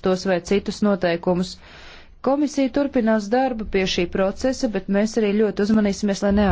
tos vai citus noteikumus. Komisija turpinās darbu pie šī procesa, bet mēs arī ļoti uzmanīsimies, lai ne